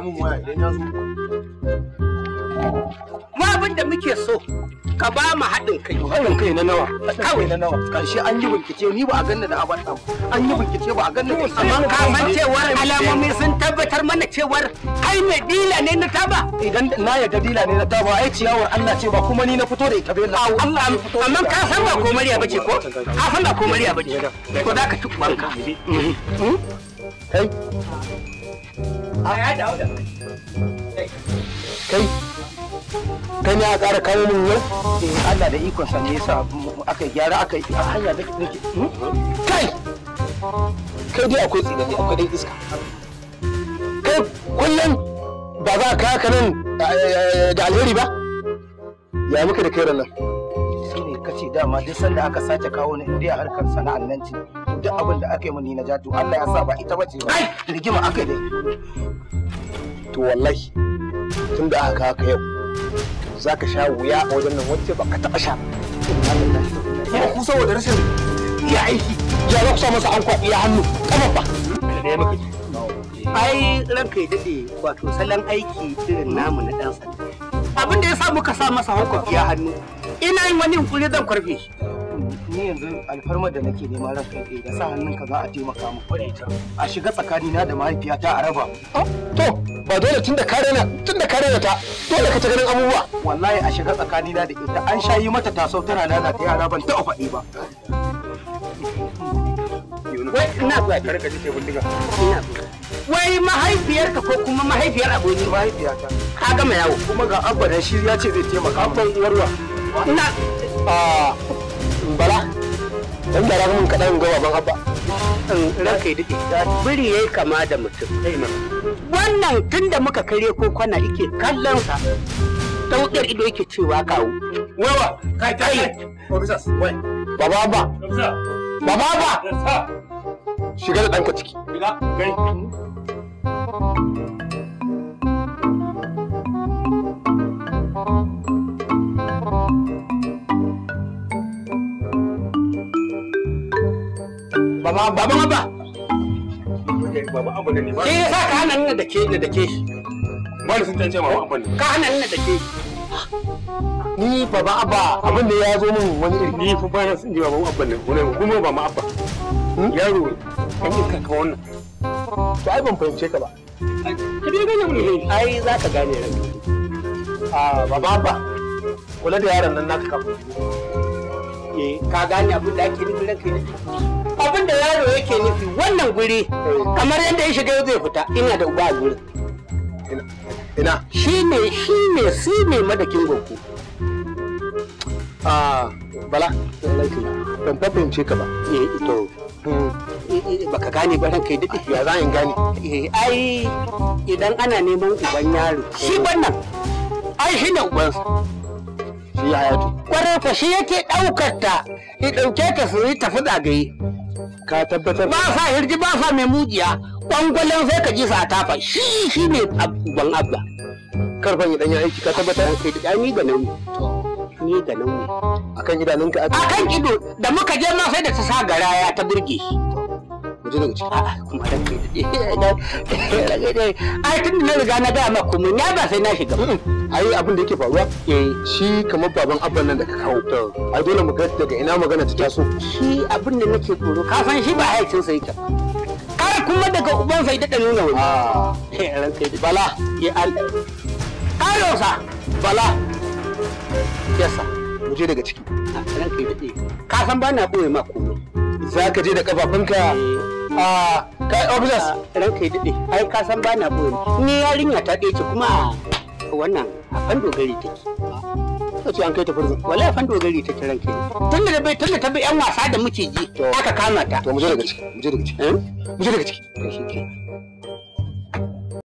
buga waya idan ya zo. Mu abin da muke so ka ba mu haɗin kai. Haɗin kai na nawa. Kawai na nawa. Karshe an yi bincike ni ba a ganna da abin An yi bincike ba a ganna da Amma kaman cewar alamomi sun tabbatar mana cewar kai mai dila ne na taba. Idan na yarda dila ne na taba ai ciyawar Allah ce ba kuma ni na fito da ita bai Allah. Amma ka san ba ko komariya bace ko? Ka san ba ko komariya bace. Ko da ka ci ubanka. Hmm? Kai. kai kai ne a ƙara kawo mun yau eh Allah da ikon sa ne yasa aka gyara aka yi a hanya da kake hmm? kai kai dai akwai tsigari akwai dai iska kai kullum ba za ka haka nan eh, da alheri ba ya muka da kai ranar shi ne kace dama duk sanda aka sace kawo ni indiya harkar sana'an nan ce duk abin da aka yi mani na jatu. Allah ya saba ita bace ba rigima aka dai to wallahi tun da aka haka yau za ka sha wuya a wajen nan wacce ba ka taɓa sha ba ku saboda rashin ya aiki ya za ku sa masa an kwaɗi ya hannu kama ba ai ranka ya daɗe wato salon aiki irin namu na ɗan sanda abin da ya sa muka sa masa hankwafi ya hannu ina yin wani hukuri zan kwarfe shi ni yanzu alfarmar da nake nema ranka ya da sa ka za a taimaka mu kwarai ta a shiga tsakanina da mahaifiyata a raba oh, to ba dole tunda ka rena tunda ka rena ta dole ka ta ganin abubuwa wallahi a shiga tsakanina da ita an sha yi mata tasau tana lalata yara ban taɓa faɗi ba wai ina zuwa ka rika jike bindiga wai mahaifiyarka ko kuma mahaifiyar aboki mahaifiyata ka gama yawo kuma ga abba da shi ya ce zai taimaka abban uwarwa ina ah. bala dan gyara mun kaɗan gaba baban abba ranka yi biri yayi kama da mutum wannan tunda muka kare ko kwana yake kallon sa taukar ido yake cewa kawo wawa kai kai officers wai baba abba baba ba, shiga da danka ciki Baba baba baba. Baba ba. Ke ka hana ni da ke da ke sun tance baba Ka hana ni da ke. Ni baba abba abin da ya zo min wani iri. Ni fa ba na san baba abba ne. Kuma ba ma abba. Hmm? Yaro kan yi kanka wannan. To ai ban fahimce ka ba. Ki dai gane mun ne. Ai za ka gane ran. Ah baba abba. Kula da yaron nan naka kafa. Eh, ka gane abin da ake nufi ranka ne. abin da yaro yake nufi wannan guri kamar yadda ya shiga zai fita ina da uba guri ina shi ne shi ne su ne madakin gonku Ah, bala ban fahimce ka ba eh to eh, baka gane ba kai duk ya za in gane eh, ai idan ana neman uban yaro shi wannan ai shi ne uban shi ya yato kwarar shi yake daukar ta ya dauke ta su yi tafi zagaye ka tabbatar ba sa hirji ba sa mai mujiya kwangwalen sai ka ji sa tafa shi shi ne ban abba karfan yi ya aiki ka tabbatar an kai da ni da nauyi ni da nauyi akan idanunka akan ido da muka je ma sai da ta sa garaya ta burge shi ku daga ciki a'a kuma da ke dade ai tun na riga na ga ma kuma ya ba sai na shiga ai abin da yake faruwa eh shi kamar baban abban nan da ka kawo to ai dole mu ga daga ina magana ta taso shi abin da nake koro ka san shi ba haicin sa yake kar kuma daga uban sai dada nuna wani ah. eh, a bala ya al kayosa bala yasa mu je daga ciki ranka ya dade ka san ba na boye ma komai za ka je da kafafunka eh. a kai officers ranka ya dade ai ka san ba na boye ni yarinya ta ce kuma wannan a fan dogari take ta ce an kai ta furzin wallahi fan dogari take ranka tun da bai tun da ta bi yan wasa da muke ji aka kama ta to mu je daga ciki mu je daga ciki eh? mu je daga ciki